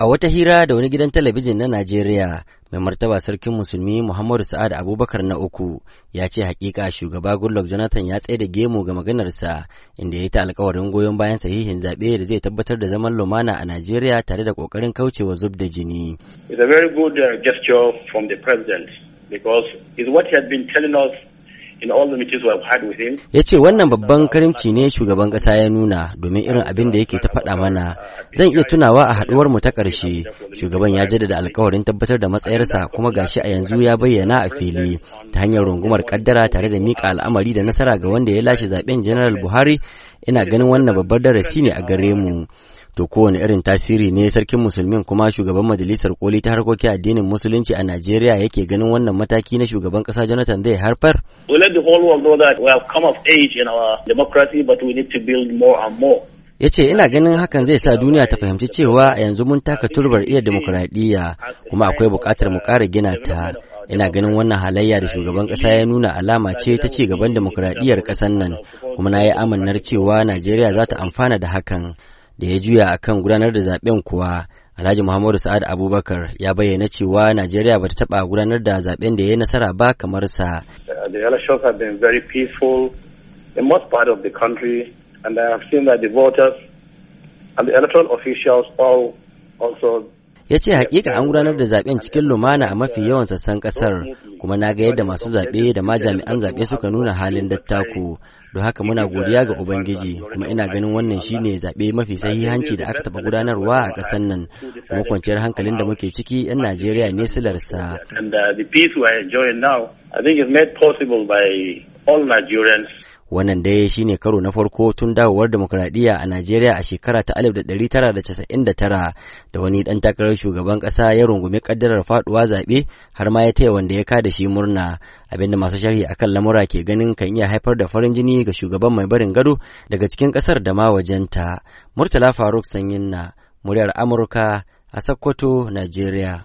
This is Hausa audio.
A wata hira da wani gidan talabijin na Najeriya, mai martaba sarkin musulmi Muhammadu Sa'ad Abubakar na uku ya ce hakika shugaba Goodluck Jonathan ya tsaye da gemu ga maganarsa inda ya yi ta alkawarin goyon bayan sahihin zaɓe da zai tabbatar da zaman lumana a Najeriya tare da ƙoƙarin kaucewa zub da jini. It's a very good uh, gesture from the president because it's what he had been telling us ya ce wannan babban karimci ne shugaban ƙasa ya nuna domin irin abin da yake ta faɗa mana zan iya tunawa a haɗuwar mu ta ƙarshe shugaban ya jaddada alkawarin tabbatar da matsayarsa kuma gashi a yanzu ya bayyana a fili ta hanyar rungumar kaddara tare da miƙa al'amari da nasara ga wanda ya lashe zaben general buhari ina ganin wannan babbar darasi ne a gare mu To kowane irin tasiri ne sarkin musulmin kuma shugaban majalisar koli ta harkokin addinin musulunci a Najeriya yake ganin wannan mataki na shugaban kasa Jonathan zai harfar? We let the whole world know ya ce ina ganin hakan zai sa duniya ta fahimci cewa a yanzu mun taka turbar iya demokuraɗiyya kuma akwai buƙatar mu ƙara gina ta ina ganin wannan halayya da shugaban ƙasa ya nuna alama ce ta ci gaban demokuraɗiyyar ƙasar nan kuma na yi amannar cewa najeriya za ta amfana da hakan da ya juya akan gudanar da zaben kuwa Alhaji Muhammadu Sa'ad Abubakar ya bayyana cewa Najeriya taba gudanar da zaben da ya nasara ba kamar sa. Uh, the elections have been very peaceful in most part of the country and I have seen that the voters and the electoral officials all also ya ce hakika an gudanar da zaben cikin lumana a mafi yawan sassan kasar kuma na ga yadda masu zaɓe da ma jami'an zaɓe suka nuna halin dattako don haka muna godiya ga ubangiji kuma ina ganin wannan shine zaɓe mafi sahihanci da aka taɓa gudanarwa a ƙasar nan kuma kwanciyar hankalin da muke ciki 'yan najeriya ne silarsa uh, all Nigerians Wannan dai shine karo na farko tun dawowar demokuraɗiyya a Najeriya a shekara ta 1999 da wani ɗan takarar shugaban ƙasa ya rungumi ƙaddarar faɗuwa zaɓe har ma ya taya wanda ya kada shi murna abinda masu sharhi akan lamura ke ganin kan iya haifar da farin jini ga shugaban mai barin gado daga cikin ƙasar da ma wajenta. Murtala Faruk Sanyin na muryar Amurka a Sokoto, Najeriya.